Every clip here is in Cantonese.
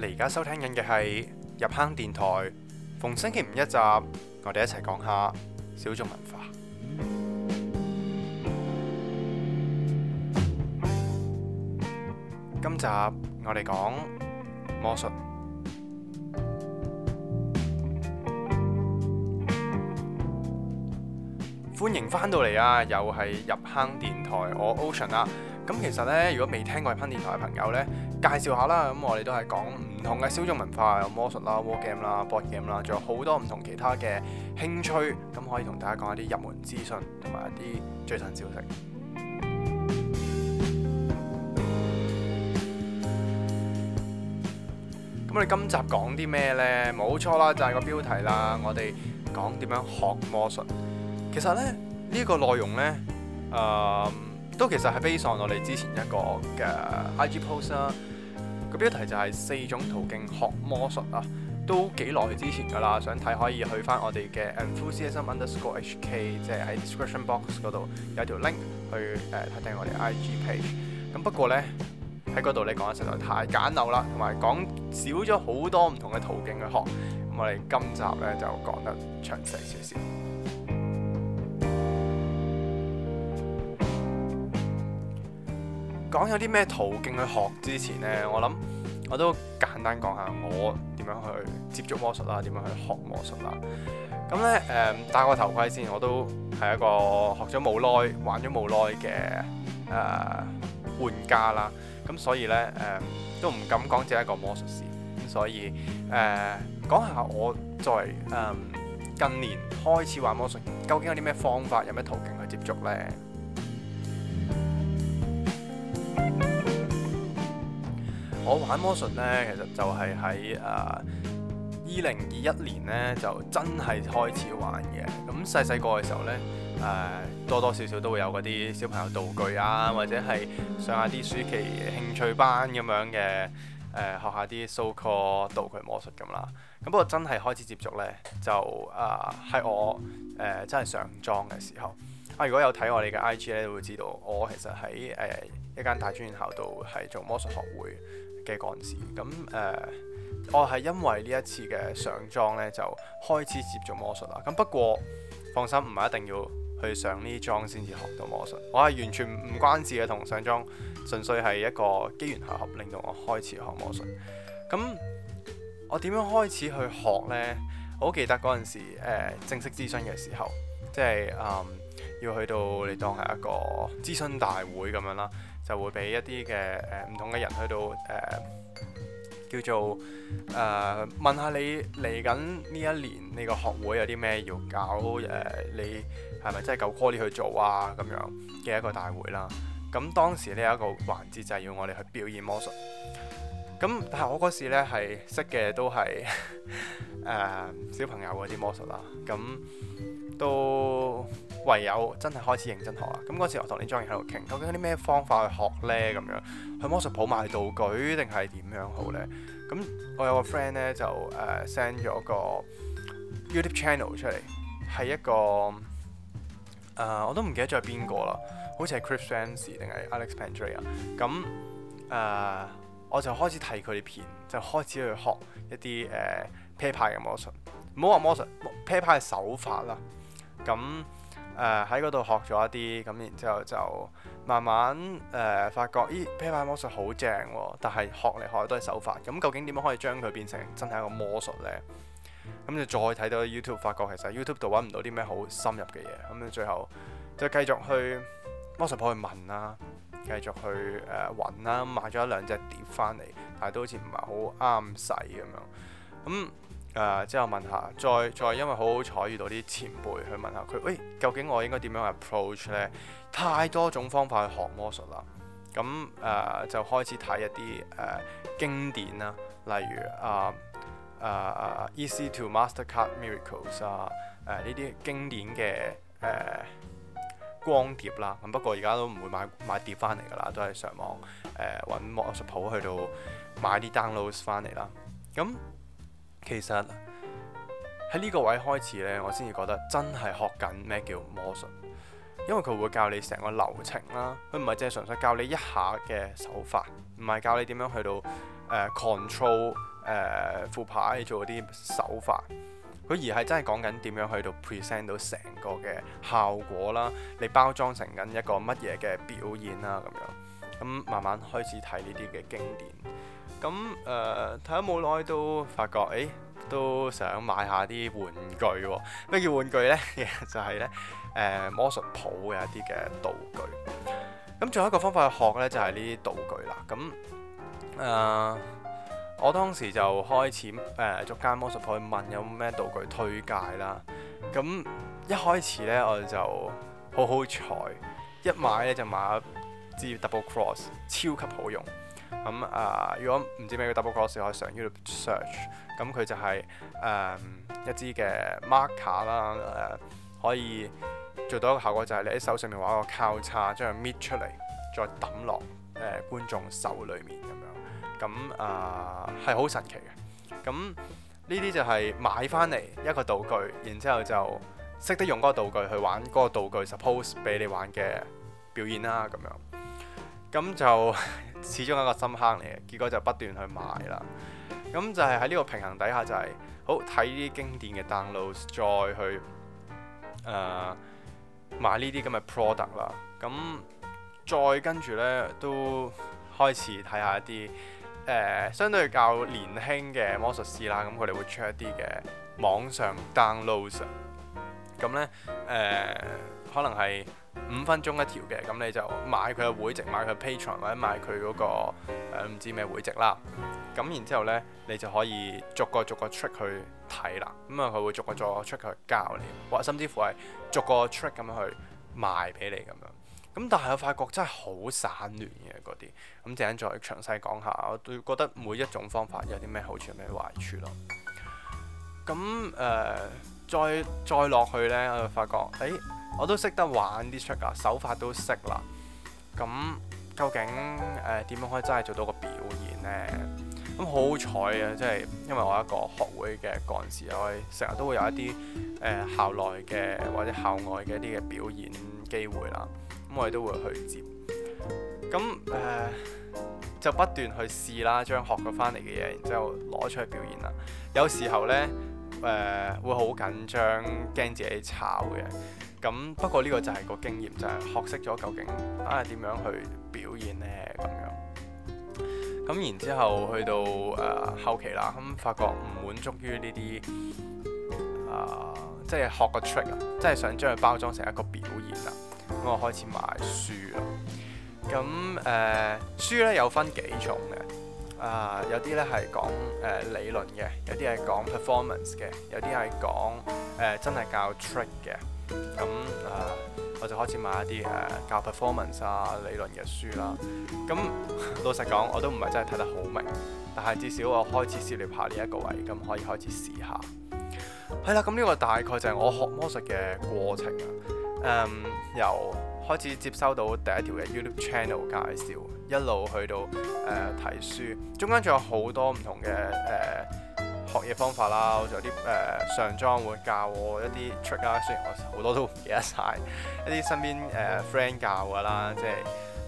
你而家收聽緊嘅係入坑電台，逢星期五一集，我哋一齊講下小眾文化。 今集我哋講魔術。歡迎翻到嚟啊！又係入坑電台，我 Ocean 啦、啊。咁、嗯、其實呢，如果未聽過入坑電台嘅朋友呢，介紹下啦。咁、嗯、我哋都係講。唔同嘅小眾文化，有魔術啦、war game 啦、board game 啦，仲有好多唔同其他嘅興趣，咁可以同大家講一啲入門資訊同埋一啲最新消息。咁 我哋今集講啲咩呢？冇錯啦，就係、是、個標題啦。我哋講點樣學魔術。其實呢，呢、這個內容呢，呃、都其實係 base on 我哋之前一個嘅 IG post 啦。個標題就係四種途徑學魔術啊，都幾耐之前㗎啦，想睇可以去返我哋嘅 enthusiasm underscore hk 即係喺 description box 嗰度有條 link 去誒睇睇我哋 IG page。咁不過呢，喺嗰度你講得實在太簡陋啦，同埋講少咗好多唔同嘅途徑去學。咁我哋今集呢，就講得詳細少少。講有啲咩途徑去學之前呢，我諗我都簡單講下我點樣去接觸魔術啦、啊，點樣去學魔術啦、啊。咁呢，誒戴個頭盔先，我都係一個學咗冇耐、玩咗冇耐嘅誒玩家啦。咁所以呢，誒、呃、都唔敢講自己係一個魔術師。咁所以誒、呃、講下我在誒、呃、近年開始玩魔術，究竟有啲咩方法、有咩途徑去接觸呢？我玩魔術呢，其實就係喺誒二零二一年呢，就真係開始玩嘅。咁細細個嘅時候呢，誒、呃、多多少少都會有嗰啲小朋友道具啊，或者係上下啲暑期興趣班咁樣嘅，誒、呃、學下啲 so call 道具魔術咁啦。咁不過真係開始接觸呢，就誒係、呃、我誒、呃、真係上莊嘅時候。啊，如果有睇我哋嘅 IG 咧，會知道我其實喺誒、呃、一間大專院校度係做魔術學會嘅嗰陣，咁誒，我係因為呢一次嘅上莊呢，就開始接觸魔術啦。咁不過放心，唔係一定要去上呢啲莊先至學到魔術。我係完全唔關事嘅，同上莊，純粹係一個機緣巧合令到我開始學魔術。咁我點樣開始去學呢？我好記得嗰陣時、呃，正式諮詢嘅時候，即係、嗯、要去到你當係一個諮詢大會咁樣啦。就會俾一啲嘅誒唔同嘅人去到誒、呃、叫做誒、呃、問下你嚟緊呢一年，呢個學會有啲咩要搞誒、呃、你係咪真係夠 quality 去做啊，咁樣嘅一個大會啦。咁當時呢，一個環節就係要我哋去表演魔術。咁但係我嗰時咧，係識嘅都係誒、 呃、小朋友嗰啲魔術啦。咁都。唯有真係開始認真學啦！咁嗰時我同啲莊友喺度傾，究竟有啲咩方法去學呢？咁樣去魔術鋪買道具定係點樣好呢？咁我有個 friend 呢，就誒 send 咗個 YouTube channel 出嚟，係一個誒、呃、我都唔記得咗係邊個啦，好似係 Chris Francis 定係 Alex Pandrea。咁誒、呃、我就開始睇佢啲片，就開始去學一啲誒啤牌嘅魔術。唔好話魔術啤牌嘅手法啦，咁。誒喺嗰度學咗一啲，咁然之後就慢慢誒、呃、發覺，咦，啤牌魔術好正喎！但係學嚟學去都係手法，咁究竟點樣可以將佢變成真係一個魔術呢？咁就再睇到 YouTube，發覺其實 YouTube 度揾唔到啲咩好深入嘅嘢，咁最後就繼續去魔術舖去問啦，繼續去誒揾啦，買咗一兩隻碟翻嚟，但係都好似唔係好啱使咁樣，咁。誒、uh, 之後問下，再再因為好好彩遇到啲前輩去問下佢，喂、欸，究竟我應該點樣去 approach 咧？太多種方法去學魔術啦，咁誒、uh, 就開始睇一啲誒、uh, 經典啦，例如啊啊、uh, uh, Easy to Master Card Miracles、uh, 啊，誒呢啲經典嘅誒、uh, 光碟啦。咁不過而家都唔會買買碟翻嚟㗎啦，都係上網誒揾、uh, 魔術鋪去到買啲 download 翻嚟啦。咁其實喺呢個位開始呢，我先至覺得真係學緊咩叫魔術，因為佢會教你成個流程啦，佢唔係淨係純粹教你一下嘅手法，唔係教你點樣去到、呃、control 誒、呃、副牌去做啲手法，佢而係真係講緊點樣去到 present 到成個嘅效果啦，你包裝成緊一個乜嘢嘅表演啦咁樣，咁慢慢開始睇呢啲嘅經典。咁誒睇咗冇耐，呃、都發覺誒、欸、都想買下啲玩具喎、哦。咩叫玩具呢？其 實就係咧誒魔術鋪嘅一啲嘅道具。咁仲有一個方法去學呢，就係呢啲道具啦。咁誒、呃，我當時就開始誒、呃、逐間魔術鋪去問有咩道具推介啦。咁一開始呢，我就好好彩，一買呢就買咗支 Double Cross，超級好用。咁啊、嗯呃，如果唔知咩叫 double cross，我可以上 YouTube search、嗯。咁佢就係、是、誒、嗯、一支嘅 marker 啦、嗯，誒可以做到一個效果就係、是、你喺手上面玩個交叉，將佢搣出嚟，再抌落誒觀眾手裡面咁樣。咁啊係好神奇嘅。咁呢啲就係買翻嚟一個道具，然之後就識得用嗰個道具去玩嗰個道具 suppose 俾你玩嘅表演啦咁樣。咁就始終一個深坑嚟嘅，結果就不斷去買啦。咁就係喺呢個平衡底下、就係，就係好睇啲經典嘅 download 再去誒、呃、買呢啲咁嘅 product 啦。咁再跟住呢，都開始睇下一啲誒、呃、相對較年輕嘅魔術師啦。咁佢哋會出一啲嘅網上 download 咁呢誒、呃、可能係。五分鐘一條嘅，咁你就買佢嘅會籍，買佢嘅 Patron 或者買佢嗰、嗰個、呃、唔知咩會籍啦。咁然之後呢，你就可以逐個逐個 trick 去睇啦。咁啊，佢會逐個逐個 trick 去教你，或甚至乎係逐個 trick 咁樣去賣俾你咁樣。咁但係我發覺真係好散亂嘅嗰啲。咁陣間再詳細講下，我都覺得每一種方法有啲咩好處,有處，有咩壞處咯。咁、呃、誒，再再落去呢，我就發覺誒。欸我都識得玩啲 trick 啊，手法都識啦。咁究竟誒、呃、點樣可以真係做到個表演呢？咁好彩嘅，即係因為我一個學會嘅嗰陣時，我成日都會有一啲誒、呃、校內嘅或者校外嘅一啲嘅表演機會啦。咁我哋都會去接咁誒、呃，就不斷去試啦，將學嘅翻嚟嘅嘢，然之後攞出去表演啦。有時候呢，誒、呃、會好緊張，驚自己炒嘅。咁不過呢個就係個經驗，就係、是、學識咗究竟啊點、哎、樣去表現呢？咁樣。咁然之後去到誒、呃、後期啦，咁發覺唔滿足於呢啲啊，即係學個 trick 啊，即係想將佢包裝成一個表演啊。咁我開始買書啦。咁誒、呃、書咧有分幾種嘅啊、呃，有啲咧係講誒、呃、理論嘅，有啲係講 performance 嘅，有啲係講誒、呃、真係教 trick 嘅。咁誒、呃，我就開始買一啲誒教 performance 啊理論嘅書啦。咁、啊嗯、老實講，我都唔係真係睇得好明，但係至少我開始涉獵下呢一個位，咁、嗯、可以開始試下。係啦，咁呢個大概就係我學魔術嘅過程啊。由開始接收到第一條嘅 YouTube channel 介紹，一路去到睇、啊、書，中間仲有好多唔同嘅誒。啊學嘢方法啦，仲有啲誒、呃、上莊會教我一啲 trick 啊，雖然我好多都唔記得晒， 一啲身邊誒、呃、friend 教噶啦，即係誒、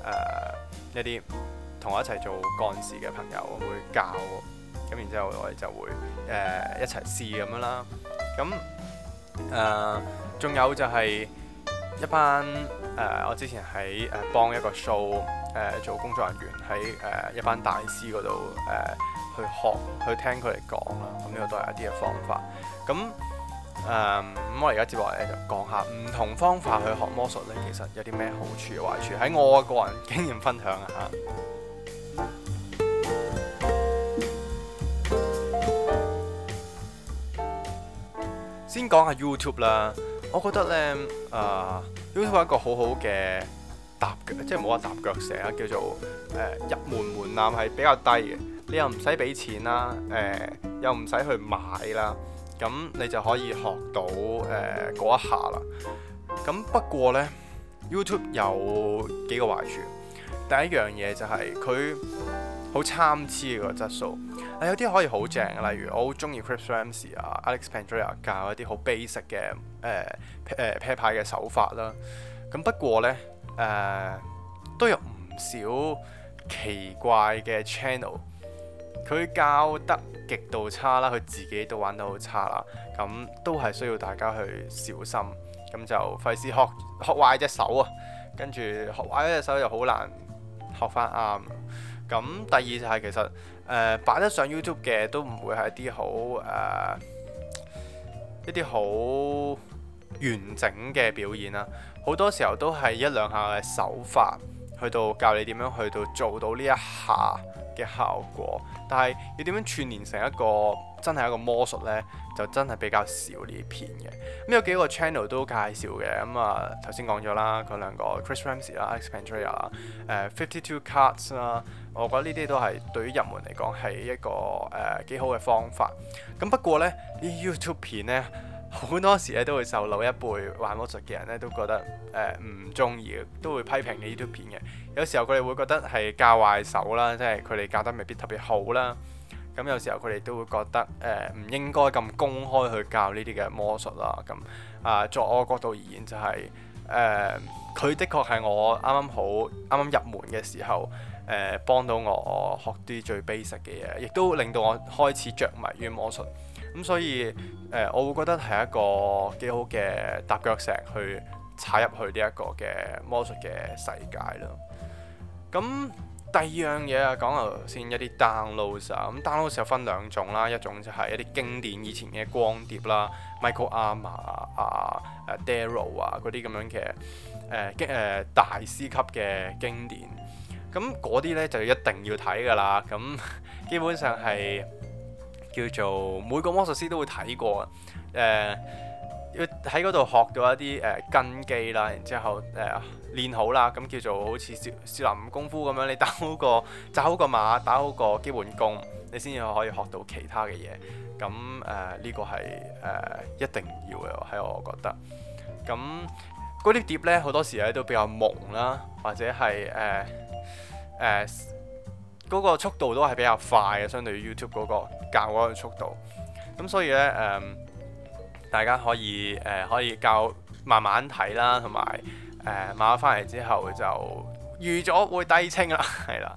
呃、一啲同我一齊做幹事嘅朋友會教，咁然之後我哋就會誒、呃、一齊試咁樣啦。咁誒仲有就係一班誒、呃、我之前喺誒、呃、幫一個 show 誒、呃、做工作人員喺誒、呃、一班大師嗰度誒。呃去學去聽佢哋講啦，咁呢個都係一啲嘅方法。咁誒咁，我而家接落嚟就講下唔同方法去學魔術咧，其實有啲咩好處、壞處喺我個人經驗分享下。 先講下 YouTube 啦，我覺得咧誒、呃、YouTube 係一個好好嘅踏腳，即係冇話踏腳石啊，叫做誒、呃、入門門檻係比較低嘅。你又唔使俾錢啦，誒、呃、又唔使去買啦，咁、嗯、你就可以學到誒嗰、呃、一下啦。咁、嗯、不過呢 YouTube 有幾個壞處。第一樣嘢就係佢好參差嘅個質素。呃、有啲可以好正，例如我好中意 Chris Ramsay 啊、Alex Pandrea 教一啲好 basic 嘅誒誒啤牌嘅手法啦。咁、嗯、不過呢，誒、呃、都有唔少奇怪嘅 channel。佢教得極度差啦，佢自己都玩得好差啦，咁都係需要大家去小心，咁就費事學學壞隻手啊，跟住學壞一隻手又好難學返啱。咁第二就係其實誒擺、呃、得上 YouTube 嘅都唔會係啲好誒一啲好、呃、完整嘅表演啦，好多時候都係一兩下嘅手法去到教你點樣去到做到呢一下嘅效果，但係要點樣串連成一個真係一個魔術呢？就真係比較少呢啲片嘅。咁、嗯、有幾個 channel 都介紹嘅，咁啊頭先講咗啦，嗰兩個 Chris Ramsay 啦 Alex Pandrea 啦，Fifty Two Cards 啦，ards, 我覺得呢啲都係對於入門嚟講係一個誒幾、呃、好嘅方法。咁、嗯、不過呢，啲 YouTube 片呢。好多時咧都會受老一輩玩魔術嘅人咧都覺得誒唔中意，都會批評你呢啲片嘅。有時候佢哋會覺得係教壞手啦，即係佢哋教得未必特別好啦。咁有時候佢哋都會覺得誒唔、呃、應該咁公開去教呢啲嘅魔術啦。咁啊、呃，作我角度而言就係、是、誒，佢、呃、的確係我啱啱好啱啱入門嘅時候誒、呃，幫到我學啲最 basic 嘅嘢，亦都令到我開始着迷於魔術。咁、嗯、所以誒、呃，我會覺得係一個幾好嘅踏腳石，去踩入去呢一個嘅魔術嘅世界咯。咁、嗯、第二樣嘢啊，講頭先一啲 download 啊、嗯，咁 download 有分兩種啦，一種就係一啲經典以前嘅光碟啦，Michael Ammar 啊、誒 Daryl 啊嗰啲咁樣嘅誒、啊、經、啊、大師級嘅經典，咁嗰啲咧就一定要睇㗎啦。咁、嗯、基本上係。叫做每個魔術師都會睇過誒，要喺嗰度學到一啲誒、呃、根基啦，然之後誒、呃、練好啦，咁叫做好似少少林功夫咁樣，你打好個扎好個馬，打好個基本功，你先至可以學到其他嘅嘢。咁誒呢個係誒、呃、一定要嘅喺我覺得。咁嗰啲碟咧好多時咧都比較蒙啦，或者係誒誒。呃呃嗰個速度都係比較快嘅，相對於 YouTube 嗰個教嗰個速度。咁所以呢，誒、嗯，大家可以誒、呃、可以教慢慢睇啦，同埋誒買翻嚟之後就預咗會低清啦，係 啦。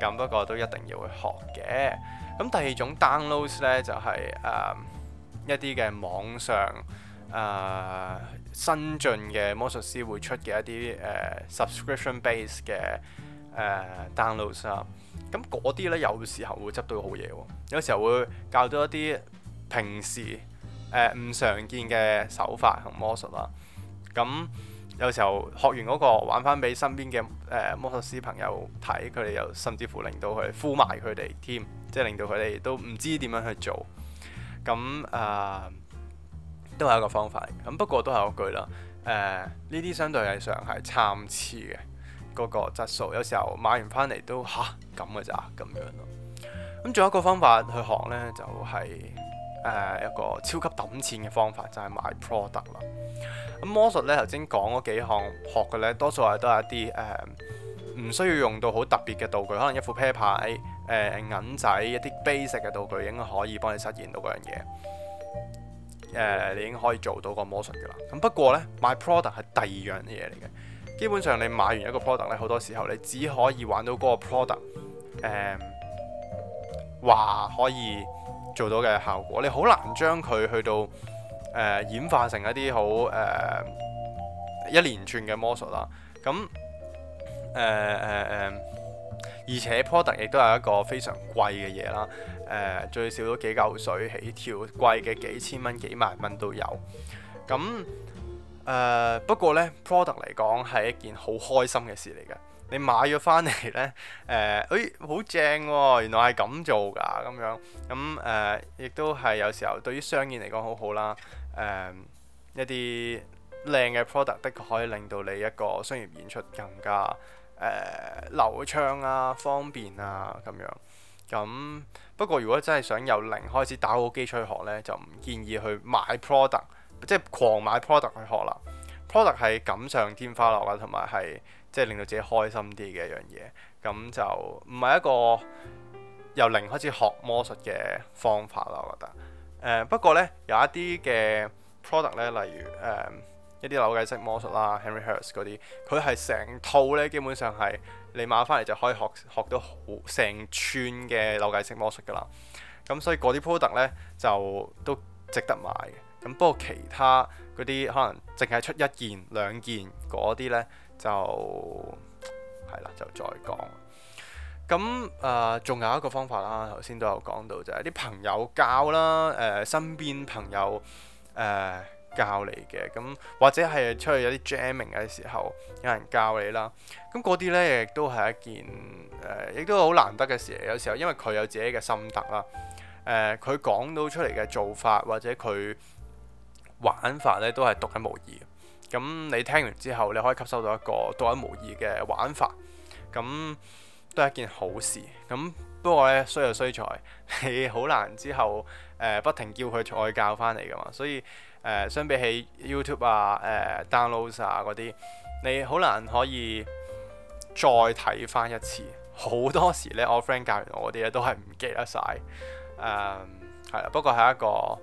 咁不過都一定要去學嘅。咁第二種 downloads 呢，就係、是、誒、呃、一啲嘅網上誒、呃、新進嘅魔術師會出嘅一啲誒、呃、subscription base 嘅誒、呃、downloads 啦。咁嗰啲咧，有時候會執到好嘢喎、哦，有時候會教到一啲平時誒唔、呃、常見嘅手法同魔術啦、啊。咁、嗯、有時候學完嗰、那個玩翻俾身邊嘅誒、呃、魔術師朋友睇，佢哋又甚至乎令到佢呼埋佢哋添，即係令到佢哋都唔知點樣去做。咁、嗯、啊、呃，都係一個方法。咁、嗯、不過都係嗰句啦，誒呢啲相對嚟上係參差嘅。個個質素有時候買完翻嚟都吓，咁嘅咋咁樣咯。咁仲有一個方法去學呢，就係、是、誒、呃、一個超級抌錢嘅方法，就係、是、買 product 啦。咁魔術呢，頭先講嗰幾項學嘅呢，多數係都係一啲誒唔需要用到好特別嘅道具，可能一副 p a 啤牌、誒銀仔、一啲 basic 嘅道具，應該可以幫你實現到嗰樣嘢。誒、呃，你已經可以做到個魔術嘅啦。咁不過呢，買 product 係第二樣嘢嚟嘅。基本上你買完一個 product 咧，好多時候你只可以玩到嗰個 product 誒、嗯、話可以做到嘅效果，你好難將佢去到誒、呃、演化成一啲好誒一連串嘅魔術啦。咁誒誒誒，而且 product 亦都係一個非常貴嘅嘢啦。誒、呃、最少都幾嚿水起跳，貴嘅幾千蚊、幾萬蚊都有。咁誒、uh, 不過呢 product 嚟講係一件好開心嘅事嚟嘅。你買咗翻嚟呢，誒、呃，好正喎！原來係咁做㗎，咁樣咁誒、呃，亦都係有時候對於商演嚟講好好啦。呃、一啲靚嘅 product 的確可以令到你一個商業演出更加誒、呃、流暢啊、方便啊咁樣。咁不過如果真係想由零開始打好基礎學呢，就唔建議去買 product。即係狂買 product 去學 product 啦。product 係錦上添花落啦，同埋係即係令到自己開心啲嘅一樣嘢。咁就唔係一個由零開始學魔術嘅方法啦。我覺得、呃、不過呢，有一啲嘅 product 呢，例如誒、呃、一啲扭計式魔術啦，Henry Hersh 嗰啲，佢係成套呢，基本上係你買翻嚟就可以學學到好成串嘅扭計式魔術噶啦。咁所以嗰啲 product 呢，就都值得買嘅。不過其他嗰啲可能淨係出一件兩件嗰啲呢，就係啦，就再講。咁誒，仲、呃、有一個方法啦，頭先都有講到，就係、是、啲朋友教啦，誒、呃、身邊朋友誒、呃、教你嘅，咁或者係出去有啲 jamming 嘅時候，有人教你啦。咁嗰啲呢，亦都係一件誒、呃，亦都好難得嘅事。有時候因為佢有自己嘅心得啦，佢、呃、講到出嚟嘅做法或者佢。玩法咧都係獨一無二嘅，咁、嗯、你聽完之後，你可以吸收到一個獨一無二嘅玩法，咁、嗯、都係一件好事。咁、嗯、不過咧，衰就衰在你好難之後誒、呃、不停叫佢再教翻嚟噶嘛，所以誒、呃、相比起 YouTube 啊、誒、呃、Download 啊嗰啲，你好難可以再睇翻一次。好多時咧，我 friend 教完我啲咧都係唔記得晒。誒係啦。不過係一個，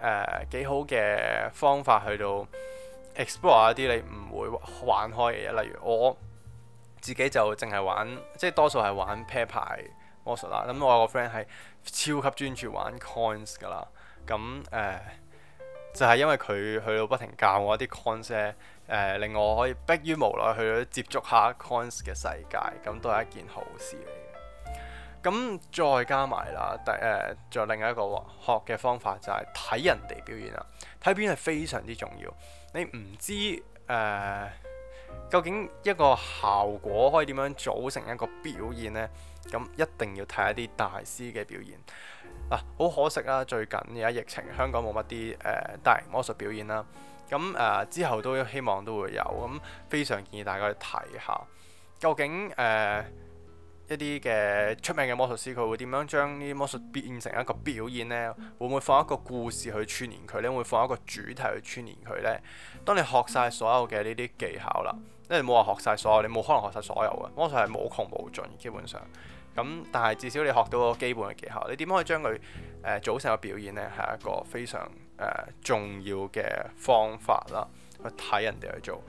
誒、呃、幾好嘅方法去到 explore 一啲你唔會玩開嘅嘢，例如我自己就淨係玩，即係多數係玩啤牌魔術啦。咁、嗯、我有個 friend 係超級專注玩 coins 噶啦，咁、嗯、誒、呃、就係、是、因為佢去到不停教我一啲 coins 咧、嗯，誒令我可以迫於無奈去到接觸下 coins 嘅世界，咁、嗯、都係一件好事。咁再加埋啦，第誒仲有另一個學嘅方法就係、是、睇人哋表演啦，睇片係非常之重要。你唔知誒、呃、究竟一個效果可以點樣組成一個表演呢？咁一定要睇一啲大師嘅表演。嗱、啊，好可惜啦，最近而家疫情，香港冇乜啲誒大型魔術表演啦。咁誒、呃、之後都希望都會有，咁非常建議大家去睇下，究竟誒。呃一啲嘅出名嘅魔術師，佢會點樣將呢啲魔術變成一個表演呢？會唔會放一個故事去串連佢咧？會唔會放一個主題去串連佢呢？當你學晒所有嘅呢啲技巧啦，因為冇話學晒所有，你冇可能學晒所有嘅魔術，係冇窮無盡，基本上咁。但係至少你學到個基本嘅技巧，你點可以將佢誒組成個表演呢？係一個非常誒、呃、重要嘅方法啦。去睇人哋去做，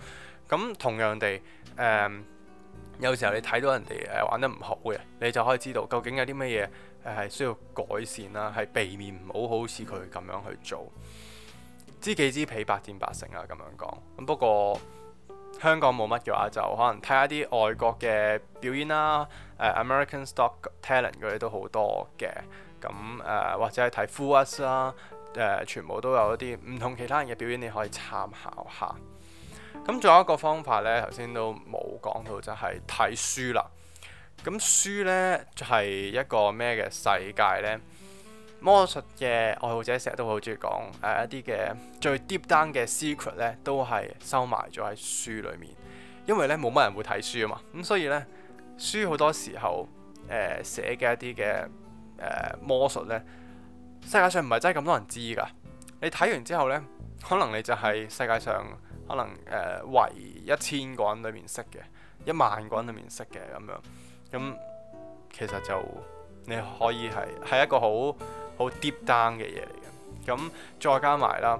咁同樣地誒。呃有時候你睇到人哋誒玩得唔好嘅，你就可以知道究竟有啲乜嘢誒係需要改善啦，係避免唔好好似佢咁樣去做。知己知彼，百戰百勝啊，咁樣講。咁不過香港冇乜嘅話，就可能睇下啲外國嘅表演啦、啊啊，American Stock Talent 嗰啲都好多嘅。咁誒、啊、或者係睇 Fool Us 啦、啊，誒、啊、全部都有一啲唔同其他人嘅表演，你可以參考下。咁仲有一個方法呢，頭先都冇講到，就係睇書啦。咁書呢，就係一個咩嘅世界呢？魔術嘅愛好者成日都好鍾意講誒一啲嘅最 deep down 嘅 secret 呢，都係收埋咗喺書裏面。因為呢冇乜人會睇書啊嘛，咁所以呢，書好多時候誒、呃、寫嘅一啲嘅誒魔術呢，世界上唔係真係咁多人知㗎。你睇完之後呢，可能你就係世界上。可能誒圍、呃、一千個人裏面識嘅，一萬個人裏面識嘅咁樣，咁其實就你可以係係一個好好 deep down 嘅嘢嚟嘅。咁再加埋啦，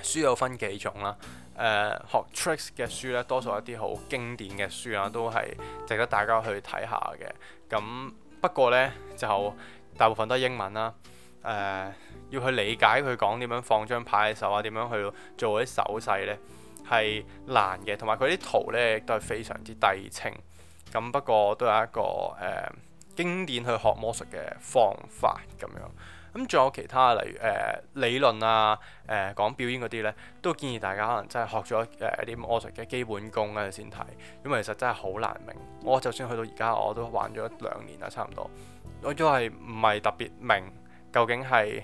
書有分幾種啦，誒、呃、學 tricks 嘅書咧，多數一啲好經典嘅書啦，都係值得大家去睇下嘅。咁不過呢，就大部分都係英文啦，誒、呃。要去理解佢講點樣放張牌嘅時候，啊，點樣去做啲手勢呢？係難嘅。同埋佢啲圖呢，都係非常之低清咁。不過都有一個誒、呃、經典去學魔術嘅方法咁樣。咁仲有其他例如誒、呃、理論啊、誒、呃、講表演嗰啲呢，都建議大家可能真係學咗誒一啲魔術嘅基本功咧先睇，因為其實真係好難明。我就算去到而家，我都玩咗兩年啦，差唔多我都係唔係特別明究竟係。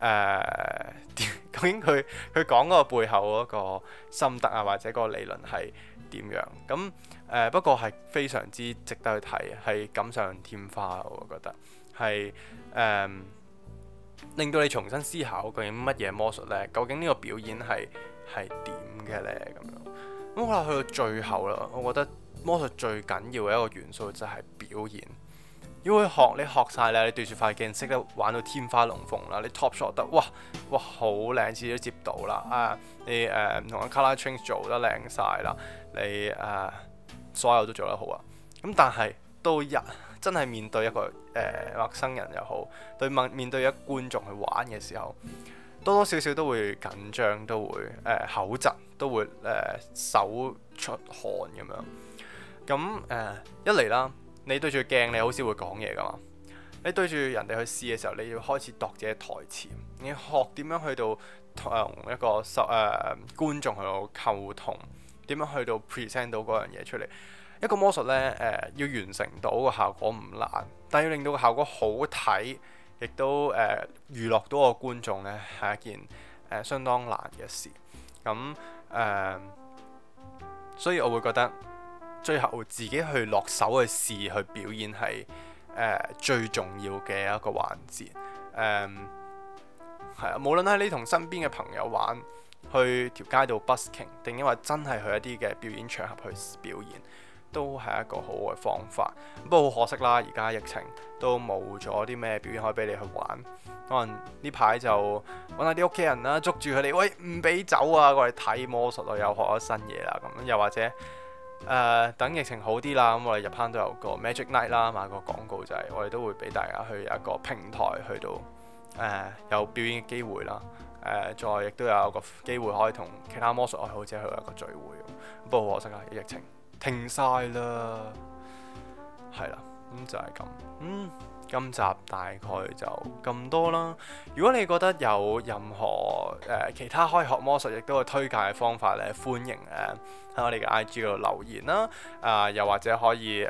誒、uh, 究竟佢佢講嗰個背後嗰個心得啊，或者嗰個理論係點樣？咁誒、uh, 不過係非常之值得去睇，係錦上添花、啊、我覺得係誒、uh, 令到你重新思考究竟乜嘢魔術呢？究竟呢個表演係係點嘅呢？咁樣咁可能去到最後啦，我覺得魔術最緊要嘅一個元素就係表演。如果去學，你學晒咧，你對住塊鏡識得玩到天花龍鳳啦，你 top shot 得，哇哇好靚，次次都接到啦，啊，你誒唔、呃、同嘅 colour change 做得靚晒啦，你誒、呃、所有都做得好啊。咁、嗯、但係到日真係面對一個誒、呃、陌生人又好，對問面對一觀眾去玩嘅時候，多多少少都會緊張，都會誒、呃、口窒，都會誒、呃、手出汗咁樣。咁、嗯、誒、呃、一嚟啦。你對住鏡，你好少會講嘢㗎嘛？你對住人哋去試嘅時候，你要開始讀自己台詞，你學點樣去到同一個受誒、呃、觀眾去到溝通，點樣去到 present 到嗰樣嘢出嚟。一個魔術呢，誒、呃，要完成到個效果唔難，但要令到個效果好睇，亦都誒、呃、娛樂到個觀眾呢，係一件、呃、相當難嘅事。咁、嗯、誒、呃，所以我會覺得。最後自己去落手去試去表演係誒、呃、最重要嘅一個環節誒係啊，無論喺你同身邊嘅朋友玩，去條街度 busking，定抑或真係去一啲嘅表演場合去表演，都係一個好嘅方法。不過好可惜啦，而家疫情都冇咗啲咩表演可以俾你去玩。可能呢排就揾下啲屋企人啦，捉住佢哋，喂唔俾走啊，過嚟睇魔術啊，又學咗新嘢啦咁，又或者～誒、uh, 等疫情好啲啦，咁我哋入坑都有個 Magic Night 啦，買個廣告就係我哋都會俾大家去一個平台，去到誒、呃、有表演嘅機會啦。誒、呃、再亦都有個機會可以同其他魔術愛好者去一個聚會，不過好可惜啊，疫情停晒啦。係啦，咁就係咁，嗯。就是今集大概就咁多啦。如果你覺得有任何誒、呃、其他可以學魔術亦都有推介嘅方法咧，歡迎誒喺、呃、我哋嘅 IG 度留言啦。啊、呃，又或者可以誒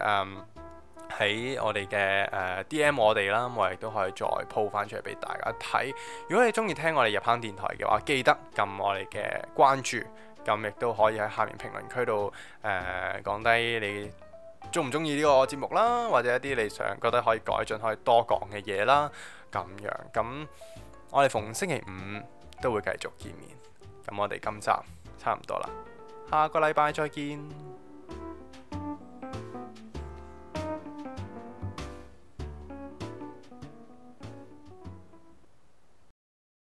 喺、呃、我哋嘅誒 DM 我哋啦，我哋亦都可以再 po 翻出嚟俾大家睇。如果你中意聽我哋入坑電台嘅話，記得撳我哋嘅關注，咁亦都可以喺下面評論區度誒、呃、講低你鍾唔鍾意呢個節目啦，或者一啲你想覺得可以改進、可以多講嘅嘢啦，咁樣咁，我哋逢星期五都會繼續見面。咁我哋今集差唔多啦，下個禮拜再見。